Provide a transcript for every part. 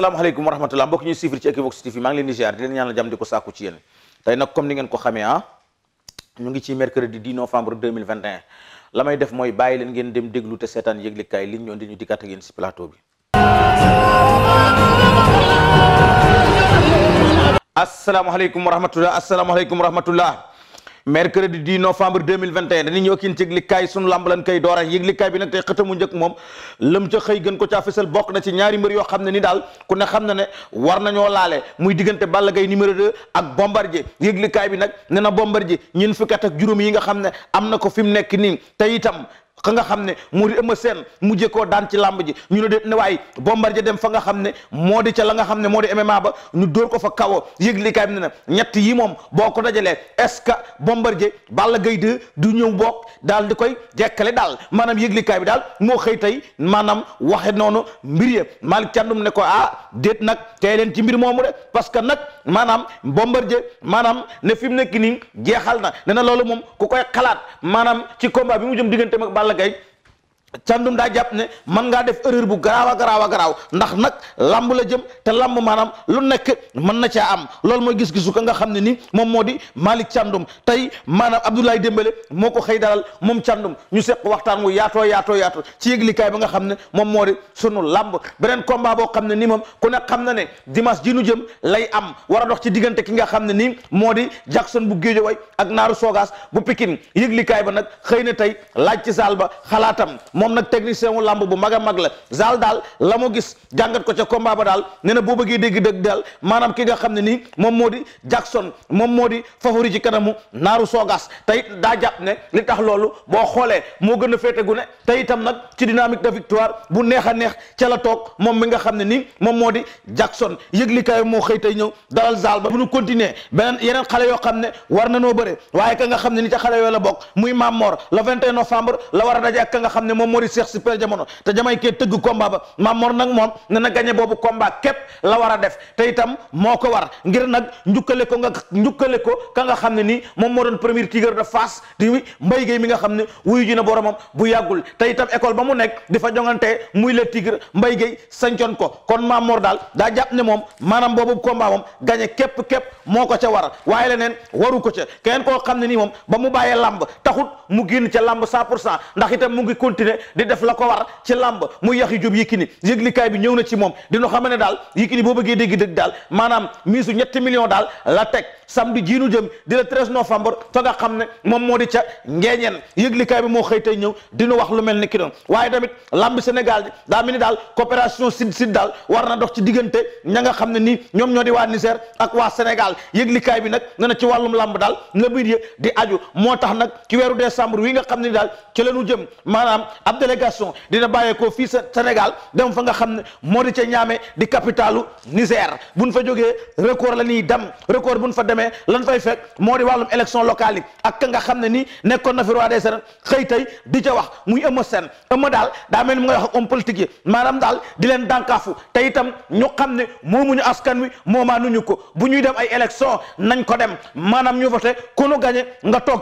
asalaamaaleykum wa rahmatulah mbokk ñu suivre ci Equivox TV maa ngi leen di ziar di leen ñaanal jàmm di ko sàkku ci yéen tey nag comme ni ngeen ko xamee ah, ñu ngi ci mercredi 10 novembre 2021 def mooy bàyyi leen ngeen dem déglu te seetaan yëglikaay liñ ñoon di ñu dikkaat ak yéen si plateau bi. asalaamaaleykum wa rahmatulah asalaamaaleykum mercredi 10 novembre 2021 dañuy ñëw kiin ci yëglikaay sunu lamb lan koy doora yëglikaay bi nag tey xëtamu njëkk moom lëm ca xëy gën ko caa fësal bokk na ci ñaari mbër xam ne ni daal ku ne xam na ne war nañoo laale muy diggante Balla Gaye numéro 2 ak Bombardier yëglikaay bi nag ne na Bombardier ñun fukki at ak juróom yi nga xam ne am na ko fi nekk nii te itam ka nga xam ne moo di Eumeu Sène mujjee koo daan ci làmb ji ñu ne de ne waaye Bombardier dem fa nga xam ne moo di ca la nga xam ne moo di MMA ba ñu dóor ko fa kawo yëglikaay bi ne na ñett yi moom boo ko dajalee est du ñëw bokk daal di koy jekkale daal maanaam yëglikaay bi daal moo xëy tey maanaam waxe noonu mbir ya Malick Thiandoum ne ko ah déet nag tey leen ci mbir moomu de parce que nag maanaam Bombardier maanaam ne fi mu nekk nii jeexal na ne loolu moom ku koy xalaat maanaam ci Balla Gaye càndum da jàpp ne man ngaa def erreur bu garaaw a garaaw a garaaw ndax nag lamb la jëm te lamb maanaam lu nekk mën na caa am loolu mooy gis-gisu ka nga xam ne nii moom moo di Malick càndum tey maanaam Abdoulaye dembale moo ko xëy dalal moom càndum ñu seq waxtaan wu yaatoo yaatoo yaatoo ci yëglikaay ba nga xam ne moom moo di sunu lamb beneen combat boo xam ne nii moom ku ne xam na ne dimanche ji jëm lay am war a dox ci diggante ki nga xam ne nii moo di Jackson bu Guédiawaye ak Naaru Sogas bu Pikine yëglikaay ba nag xëy na tey laaj saal ba xalaatam moom nag technicien wu lamb bu mag a mag la zal daal la mu gis jàngat ko ca combat ba daal ne na boo bëggee dégg dëgg daal maanaam ki nga xam ne nii moom moo di Jackson moom moo di favori ci kanamu naaru soogas te daa jàpp ne li tax loolu boo xoolee moo gën a féete ne te itam nag ci dynamique de victoire bu neex a neex ca la toog moom mi nga xam ne nii moom moo di Jackson yëglikaay moo xëy tey ñëw dalal zal ba bu ñu continuer beneen yeneen xale yoo xam ne war na noo bëre waaye ka nga xam ne ni ca xale yoo la bokk muy Mamor le novembre la war a daje ak ka nga xam ne moom moom moo di Cheikh Super Jamono te jamay kee tëgg combat ba Mame nag moom ne na a def te ko ka nga xam ne nii moom moo doon premier tigre de Fass di Mbaye Guèye mi nga xam ne wuyu ji na boromam bu yàggul te itam école ba mu nekk di fa muy le tigre Mbaye Guèye sancoon ko kon Mame Mor daal daa jàpp ne moom maanaam boobu combat moom gagné képp képp moo ko ca war waaye leneen waru ko ca keneen koo xam ne nii moom ba mu bàyyee lamb taxut mu génn ca lamb cent pour cent ndax itam mu ngi continuer di def la ko war ci làmb muy yax yu jub Yékini yëglikaay bi ñëw na ci moom dina xam ne daal Yékini boo bëggee dégg dëgg daal maanaam miisu ñetti million daal la teg samedi jiinu jëm di le 13 novembre fa nga xam ne moom moo di ca ngeeñeen yëglikaay bi moo xëy tey ñëw dina wax lu mel ni ki doon waaye tamit làmb Sénégal ji daa mel ni daal coopération sud sud daal war na dox ci diggante ña nga xam ne nii ñoom ñoo di waa Niger ak waa Sénégal yëglikaay bi nag ne na ci wàllum làmb daal la biir di aju moo tax nag ci weeru décembre wi nga xam ne daal ci ab délégation dina bàyyeekoo fii sa Sénégal dem fa nga xam ne moo di ce ñaame di capitalu Niger buñ fa jógee record la ñuy dem record buñ fa demee lan fay fekk moo di wàllum élection locale yi ak ka nga xam ne nii nekkoon na fi roi des arènes xëy tey di ca wax muy ëmma seen ëmma daal daa mel mu ngay wax ak om politique yi maanaam daal di leen dànkaafu tey itam ñu xam ne moomuñu askan wi moomaanuñu ko bu ñuy dem ay élection nañ ko dem maanaam ñu voté ku nu gagné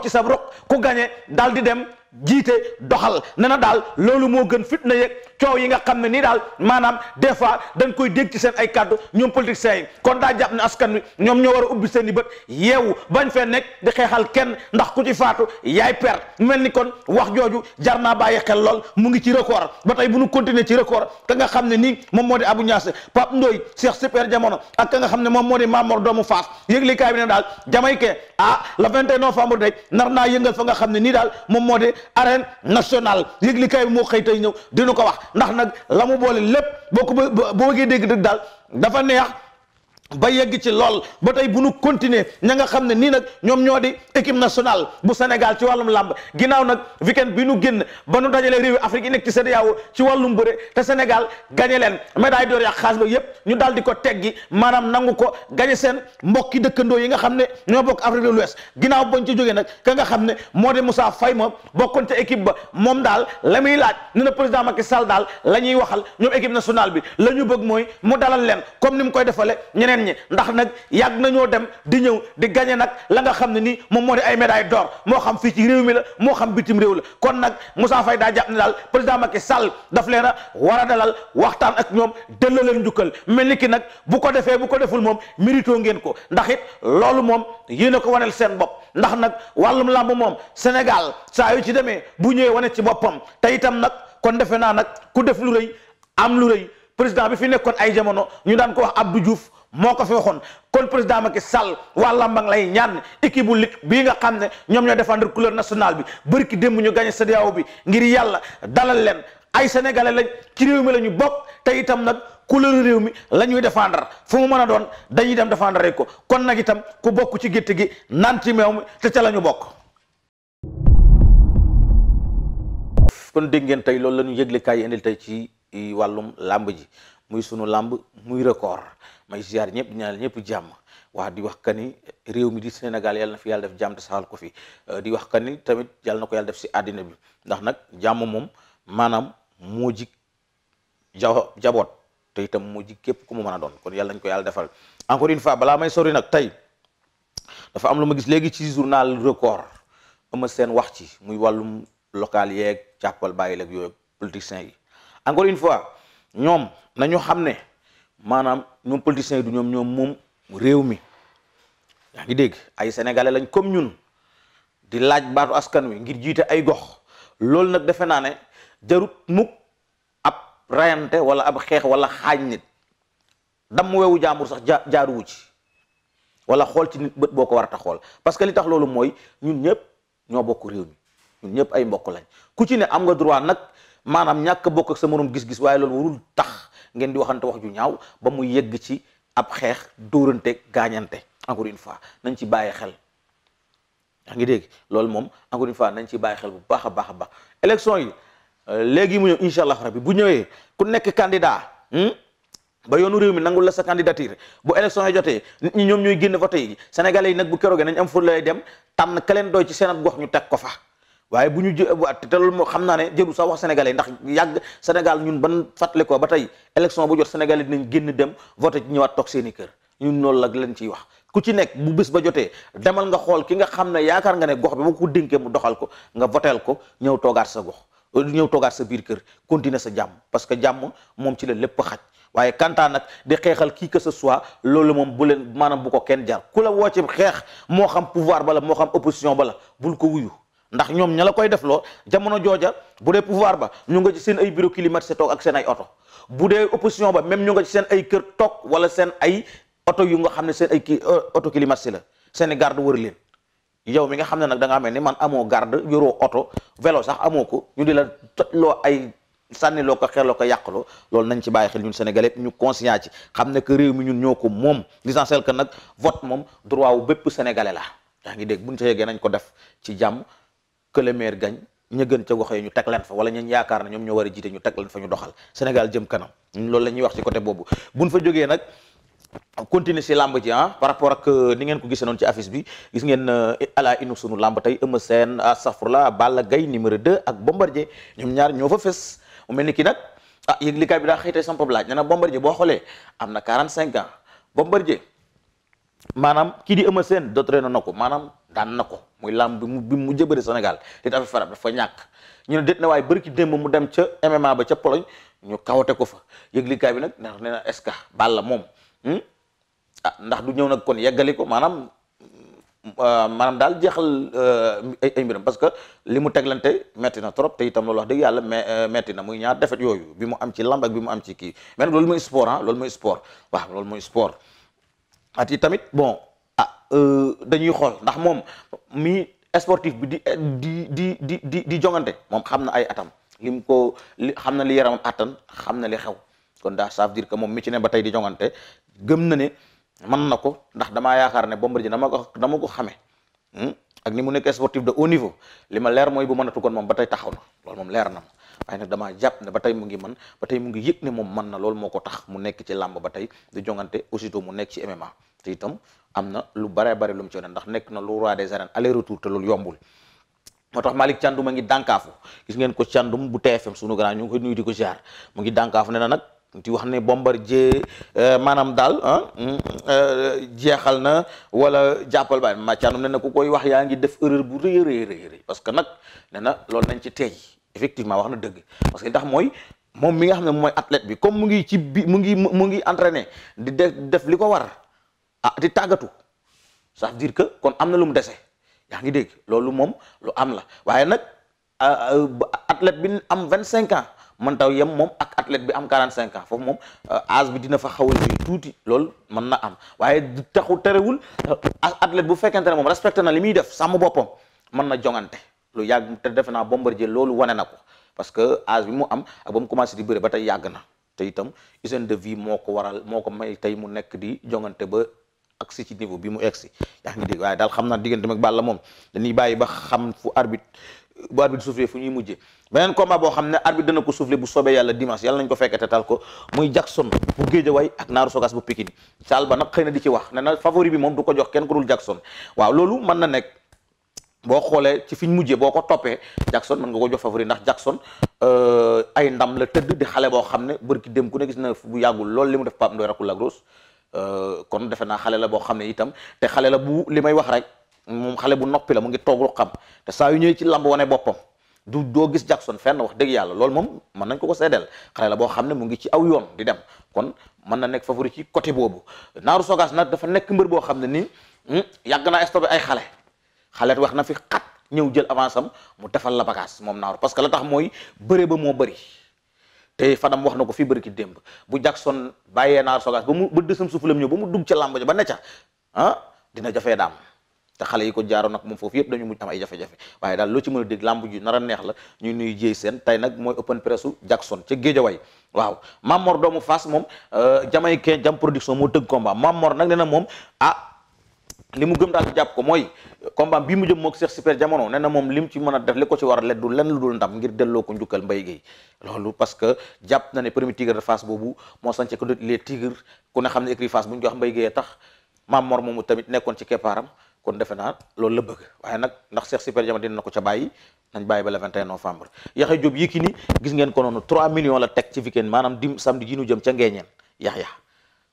sa rok ku gagné daal di dem jiite doxal ne na daal loolu moo gën fitna yeeg coow yi nga xam ne nii daal maanaam des fois dañ koy dégg ci seen ay kàddu ñoom politiciens yi kon daa jàpp ne askan wi ñoom ñoo war a ubbi seen i bët yeewu bañ fee nekk di xeexal kenn ndax ku ci faatu yaay per mel ni kon wax jooju jar naa bàyyi xel lool mu ngi ci record ba tey bu nu continuer ci record ka nga xam ne nii moom moo di abu Niass Pape Ndoye Cheikh Super Jamono ak ka nga xam ne moom moo di Mamor doomu Faas yëgle kaay daal Jamaïcain ah le 21 novembre day nar naa yëngal fa nga xam ne nii daal moom moo di arène nationale yëglikaay bi moo xëy tey ñëw dinu ko wax ndax nag la mu boole lépp boo ko boo bëggee dégg dëgg daal dafa neex ba yegg ci lool ba tey bu nu continuer ña nga xam ne nii nag ñoom ñoo di équipe nationale bu Sénégal ci wàllum làmb ginnaaw nag weekend bi nu génn ba nu dajalee réew yi Afrique yi nekk ci CEDEAO ci wàllum bëre te Sénégal gagné leen médaille d'or yàq xaas ba yépp ñu daal di ko teggi maanaam nangu ko gagné seen mbokki dëkkandoo yi nga xam ne ñoo bokk Afrique de l'Ouest ginnaaw bañ ci jógee nag ka nga xam ne moo di Moussa Faye ma bokkoon ca équipe ba moom daal la muy laaj ne président Macky Sall daal la ñuy waxal ñoom équipe bi la ñu bëgg mooy mu dalal leen comme ni mu koy defale ñeneen ñeneen ñi ndax nag yàgg nañoo dem di ñëw di gañe nag la nga xam ne nii moom moo di ay médaille d'or moo xam fii ci réew mi la moo xam bitim réew la kon nag Moussa Faye daa jàpp ne daal président Macky Sall daf leen a war a dalal waxtaan ak ñoom delloo leen njukkal mel ni ki nag bu ko defee bu ko deful moom mérito ngeen ko ndax it loolu moom yéen a ko waneel seen bopp ndax nag wàllum làmb moom Sénégal saa yu ci demee bu ñëwee wane ci boppam te itam nag kon defe na nag ku def lu rëy am lu moo ko fi waxoon kon président Macky Sall waa lambang lay ñaan équipe bu lig bii nga xam ne ñoom ñoo défendre couleur nationale bi bërki ki démb ñu gagné CEDEAO bi ngir yàlla dalal leen ay sénégalais lañ ci réew mi la ñu bokk te itam nag couleur réew mi la ñuy défendre fu mu mën a doon dañuy dem défendre rek ko kon nag itam ku bokk ci gétt gi naan ci meew mi te ca la ñu bokk. kon dégg ngeen tey loolu la ñu yëgle kaay indil tey ci wàllum làmb ji muy sunu làmb muy record may ziar ñëpp di ñaanal ñëpp jàmm waa di wax ka ni réew mi di Sénégal yàlla na fi yàlla def jàmm te saxal ko fi euh, di wax ka ni tamit yàlla na ko yàlla def si àddina bi ndax nag jàmm moom maanaam moo ji ja jaboot te itam moo képp ku mu mën a doon kon yàlla ko yàlla defal encore une fois balaa may sori nag tey dafa am lu ma gis léegi ci journal record ama seen wax ci muy wàllum local yeeg càppal bàyyi leeg yooyu politiciens yi ñoom nañu xam ne maanaam ñoom politiciens yi du ñoom ñoom moom mu réew mi yaa ngi dégg ay sénégalais lañ comme ñun di laaj baatu askan wi ngir jiite ay gox loolu nag defe naa ne jarut mukk ab rayante wala ab xeex wala xaañ nit damm wewu jaambur sax ja jaaruwu ci wala xool ci nit bët boo ko war a ta xool parce que li tax loolu mooy ñun ñëpp ñoo bokk réew mi ñun ñëpp ay mbokk lañ ku ci ne am nga droit nag maanaam ñàkk bokk ak sa moroom gis-gis waaye loolu warul tax ngeen di waxante wax ju ñaaw ba mu yegg ci ab xeex dóorante gaañante encore une fois nañ ci bàyyi xel yaa ngi dégg loolu moom encore une nañ ci bàyyi xel bu baax a baax a baax élection yi léegi mu ñëw incha allah rabbi bu ñëwee ku nekk candidat hmm? ba yoonu réew mi nangul la sa candidature bu élection yi jotee nit ñi ñoom ñooy génn fa tey sénégalais yi nag bu keroogee nañ am fu lay dem tànn ka leen ci seen gox ñu teg ko fa waaye bu ñu jë te loolu moo xam naa ne jëru sax wax sénégalais ndax yàgg Sénégal ñun ban fàttali ko ba tey élection bu jot sénégalais dinañ génn dem vote ci ñëwaat toog seeni kër ñun loolu la leen ci wax ku ci nekk bu bés ba jotee demal nga xool ki nga xam ne yaakaar nga ne gox bi ba ko dénkee mu doxal ko nga voteel ko ñëw toogaat sa gox euh, ñëw toogaat sa biir kër continuer sa jàmm parce que jàmm moom ci la lépp xaj waaye kantaa nag di xeexal kii que ce soit loolu moom bu leen maanaam bu ko kenn jar ku la woo ci xeex moo xam pouvoir bala moo xam opposition bala bul ko wuyu ndax ñoom ña la koy def loo jamono jooja bu dee pouvoir ba ñu nga ci seen ay bureau climatisé toog ak seen ay oto bu dee opposition ba même ñu nga ci seen ay kër toog wala seen ay oto yu nga xam ne seen ay kii oto euh, climatisé la seen i leen yow mi nga xam ne nag da ngaa mel ni man amoo garde yoroo oto velo sax amoo ko ñu di la loo ay sànni loo ko xel loo ko yàquloo loolu nañ ci bàyyi xel ñun sénégalais ñu conscient ci xam ne que réew mi ñu ñoo ko moom l'essentiel que nag vote moom droit wu bépp sénégalais la yaa ngi dégg buñ ca yeggee nañ ko def ci jàmm que le maire gagne ña gën ca gox ñu teg leen fa wala ñañ yaakaar na ñoom ñoo war a jiite ñu teg leen fa ñu doxal Sénégal jëm kanam loolu lañuy wax ci côté boobu buñ fa jógee nag continuer si lamb ji ah par rapport ak euh, ni ngeen ko gisee noonu ci affiche bi gis ngeen euh, ala inu sunu lamb tey Eumeu Sène la Balla gay numéro 2 ak bombar Bombardier ñoom ñaar ñoo fa fes mu mel ni ki nag ah yëglikaay bi daa xëy tey samp laaj nee na Bombardier boo xoolee am na 45 ans Bombardier maanaam kii di Eumeu Sène dotré na na ko maanaam daan na ko muy làmb bi mu bi mu jëbëri Sénégal dit affaire farab dafa ñàkk ñu ne déet na waaye bëri ki démb mu dem ca MMA ba ca Pologne ñu kawate ko fa yëglikaay bi nag neex ne na est-ce que moom hmm? ah ndax du ñëw nag kon yeggali ko maanaam euh, maanaam daal jeexal euh, ay ay mbiram parce que li mu teglante metti na trop te itam loolu wax dëgg yàlla mais euh, metti na muy ñaar defet yooyu bi mu am ci lamb bi mu am ci kii mais nag loolu mooy sport ah loolu mooy sport waaw loolu mooy sport at yi Euh, dañuy xool ndax moom mi sportif bi di di di di di di jongante moom xam na ay atam lim ko li xam na li yaramam atan xam na li xew kon daa ça veut dire moom mi ci ne ba tey di jongante gëm na ne mën na ko ndax damaa yaakaar ne Bombardier dama ko dama ko xamee hmm? ak ni mu nekk sportif de haut niveau li ma leer mooy bu mënatu kon moom ba tey taxaw na loolu moom leer na waaye nag damaa jàpp ne ba tey mu ngi mën ba tey mu ngi yëg ne moom man na lool moo ko tax mu nekk ci làmb ba tey di jongante aussitôt mu nekk ci MMA te itam am na lu bare bare lu mu ci wane ndax nekk na lu roi des arènes aller retour te loolu yombul moo tax Malick Thiandoum a ngi dànkaafu gis ngeen ko Thiandoum bu TFM sunu grand ñu ngi koy nuyu di ko ziar mu ngi dànkaafu ne na nag di wax ne Bombardier euh, maanaam daal mm, euh, jeexal na wala jàppal baay ma Thiandoum ne na ku koy wax yaa ngi def erreur bu rëy rëy parce que nag ne na loolu nañ ci teey effectivement wax na dëgg parce que ndax mooy moom mi nga xam ne mooy athlète bi comme mu ngi ci bi mu ngi mu ngi entraîné di def li ko war ah di tàggatu ça veut dire que kon am na lu mu dese yaa ngi dégg loolu moom lu am la waaye nag euh, euh, athlète bi am vingt cinq ans man taw yem moom ak athlète bi am quarante cinq ans foofu moom euh, âge bi dina fa xaw a tuuti loolu mën na am waaye taxu terewul athlète bu fekkente ne moom respecté na li muy def sama boppam mën na jongante lu yàgg te defe naa Bombardier loolu wane na ko parce que âge bi mu am ak ba mu commencé di bëre ba tey yàgg na te itam hygiène de vie moo ko waral moo ko may tey mu nekk di jongante ba agsi ci niveau bi mu egsi yaa ngi dégg waaye daal xam naa diggante mag Balla moom dañuy bàyyi ba xam fu arbitre bu arbitre soufflé fu ñuy mujjee beneen combat boo xam ne arbitre dana ko soufflé bu soobee yàlla dimanche yàlla nañ ko fekkete tal ko muy Jackson bu Géejawaay ak Naaru Sogas bu Pikine saal ba nag xëy na di ci wax ne na favori bi moom du ko jox kenn ko dul Jackson waaw loolu mën na nekk boo xoolee ci fiñ mujjee boo ko toppee Jackson mën nga ko jox favori ndax Jackson euh, ay ndam la tëdd di xale boo xam ne bërki dem ku ne gis na bu yàggul lool li mu def Pape Ndoye rakku Lagros euh, kon defe naa xale la boo xam ne itam te xale la bu li may wax rek moom xale bu noppi la mu ngi toog xam te saa yu ñëwee ci lamb wane boppam du doo gis Jackson fenn wax dëgg yàlla loolu moom mën nañ ko ko seedeel xale la boo xam ne mu ngi ci aw yoon di dem kon mën na nekk favori ci côté boobu Naaru Sogas nag dafa nekk mbër boo xam ne nii hmm, yàgg naa stoppé ay xale xalet wax na fi xat ñëw jël avance am mu defal la bagage moom naaru parce que la tax mooy bëre ba moo bëri te Fadam wax na ko fii bëri ki démb bu Jackson bàyyee naar sogaas ba mu ba dësam la ñëw ba mu dugg ca làmb ba ne ca ah dina jafee daam te xale yi ko jaaroon nag moom foofu yëpp dañu mujj am ay jafe waaye daal loo ci mën a dégg làmb ju nar a neex la ñuy nuyu jéey seen tey nag mooy open pressu Jackson ca Géejawaay waaw Mamor doomu Fass moom euh, Jamaïcain Jam production moo tëgg combat Mamor nag nee na moom ah li mu gëm daal jàpp ko mooy combat bi mu jëm moo Cheikh Super Jamono nee moom lim ci mën a def li ko ci war a leddu lenn lu dul ndam ngir delloo ko njukkal Mbaye Guèye loolu parce que jàpp na ne premier tigre de Fass boobu moo sance ko les tigres ku ne xam ne écrit Fass bu ñu ko wax tax maam mor moomu tamit nekkoon ci keppaaram kon defe naa loolu la bëgg waaye nag ndax Cheikh Super Jamono dina na ko ca bàyyi nañ bàyyi ba le 21 novembre Yaxya ki ni gis ngeen ko noonu 3 millions la teg ci weekend maanaam dim samedi ji jëm ca ngeeñeen yax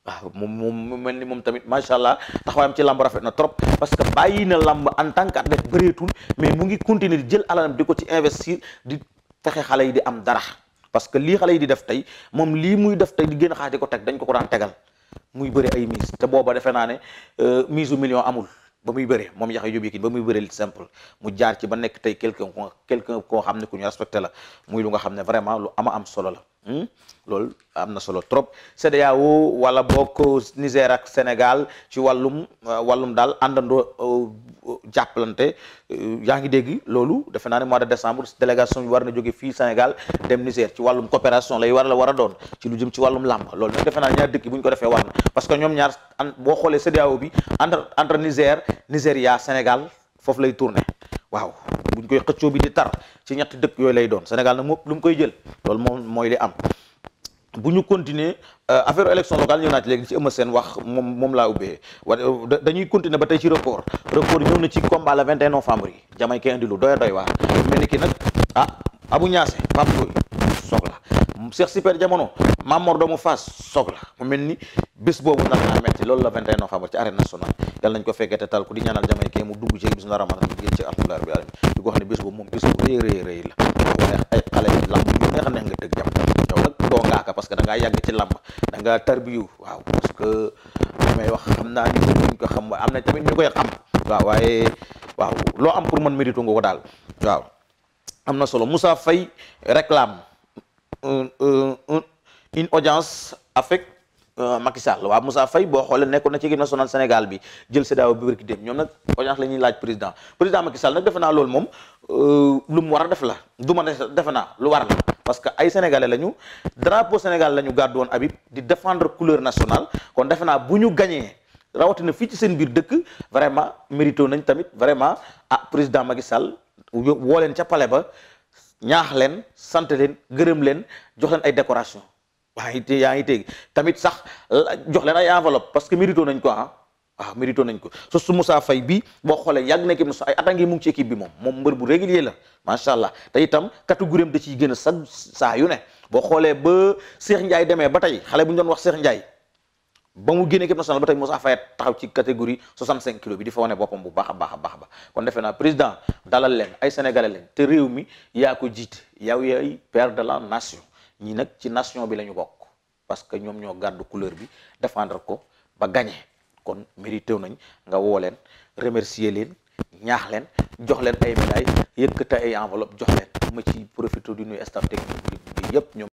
waaw ah, moom moom mel ni moom tamit macha allah taxawaayam ci làmb rafet na trop parce que bàyyi na làmb en tant que athlète bëreetul mais mu ngi continuer di jël alalam di ko ci investir di fexe xale yi di am dara parce que lii xale yi di def tey moom lii muy def tey di gën a xaati ko teg dañ ko ko daan tegal muy bëri ay miis te booba defe naa ne euh, mise u million amul ba muy bëree moom Yaxya Jóob Yékini ba muy bëree simple mu jaar ci ba nekk tey quelqu'un quelqu'un koo xam ne ku ñu respecté la muy lu nga xam ne vraiment lu ama am solo la Hmm? loolu am na solo trop CEDEAO wala bokk Niger ak Sénégal ci wàllum euh, wàllum daal àndandoo euh, jàppalante euh, yaa ngi dégg loolu defe naa ne mois de décembre délégation bi war na jóge fii Sénégal dem Niger ci wàllum coopération lay war la war a doon ci lu jëm ci wàllum làmb lool nag defe naa ñaar dëkk bu ñu ko defee war parce que ñoom ñaar an boo xoolee CEDEAO bi entre entre Niger Nigeria Sénégal foofu lay tourné waaw buñ koy xëccoo bi di tar ci ñetti dëkk yooyu lay doon Sénégal nag moom lu mu koy jël loolu moom mooy li am bu ñu continuer euh, affaire élection locale ñëw naa ci léegi ci Eumeu seen wax moom moom laa ubbee wa dañuy continuer ba tey ci record record ñëw na ci combat le 21 novembre yi jamay kay indi lu doy doy waar mel ni ki nag ah Abou Niassé Pape Ndoye soxla Cheikh Super Jamono Mamor doomu Fass soog la mu mel ni bés boobu nar naa metti loolu la 21 novembre ci arène nationale yal nañ ko fekkee te tal ku di ñaanal jamaykee mu dugg ci bis na ramadan mu nga dëgg jam yow nag doo ngaaka parce que da ngaa yàgg ci lamb da ngaa tarbiyu waaw parce que damay wax xam naa ñu ko am na tamit ñu koy xam waaw waaye waaw loo am pour man mérite nga ko daal waaw am na solo Moussa Faye réclame un un une audience avec euh, Macky Sall waaw Moussa Faye boo xoolee nekkoon na ci équipe national Sénégal bi jël CEDEAO bi wér dem ñoom nag audience la ñuy laaj président président Macky Sall nag defe naa loolu moom euh, lu mu war a def la du ma defe naa lu war la parce que ay sénégalais lañu drapeau Sénégal la ñu gàddu woon Habib di defendre couleur national kon defe naa bu ñu gañee rawatina fii ci seen biir dëkk vraiment mérito nañ tamit vraiment ah président Macky Sall woo leen ca palais ba ñaax leen sant leen gërëm leen jox leen ay décoration yaa ngi yaa ngi teg tamit sax jox leen ay enveloppe parce que mérito nañ ko ah waaw ah, mérito nañ ko so su Moussa fay bi boo xoolee yàgg na équipe ay at a mu ngi ci équipe bi moom moom mbër bu la macha allah te itam catégorie am da ciy gën a sa saa yu ne boo xoolee ba Cheikh Ndiaye demee ba tey xale bu ñu doon wax Cheikh Ndiaye ba mu génne équipe nationale ba tey mosaa Faye taxaw ci catégorie cinq kilo bi di fa wane boppam bu baax a baax a baax ba kon defe naa président dalal leen ay sénégalais leen te réew mi yaa ko jiit yow yaay père de la nation. ñi nag ci nation bi la ñu bokk parce que ñoom ñoo gàddu couleur bi défendre ko ba gagné kon mérité nañ nga woo leen remercier leen ñaax leen jox leen ay médailles yëkkate ay enveloppe jox leen ma ci profité du nuyu state technique bi yëpp ñoom.